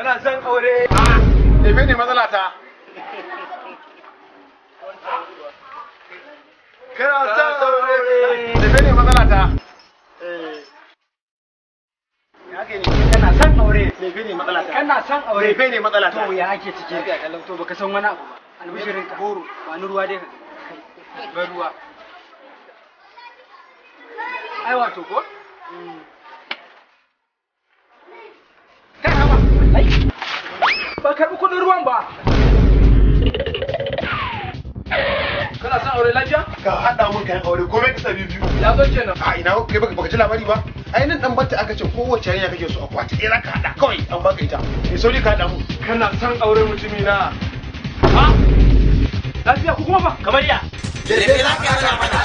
Tana son aure. Ah, eh, ne matsala ta. Kana aure. Ebe eh, eh, ne matsala ta. Kana aure. Ebe ne matsala ta. Kana aure. Ebe ne matsala ta. To ya ake ciki. To baka san wani abu ba. Albishirin ka. ruwa dai ka. Ban ruwa. Ai wato ko? Mm. karɓi kuɗin ruwan ba kana son aure lafiya ka haɗa mun kayan aure komai ka sabi biyu ya zo kenan a ina kai baka baka ji labari ba ai nan dan batta aka ce kowace y'a kake so a kwata ɗaya k'a haɗa kawai an baka ita me sauri ka haɗa mu kana son aure mutumi na ha lafiya ku kuma ba kamar ya da me zaka haɗa mana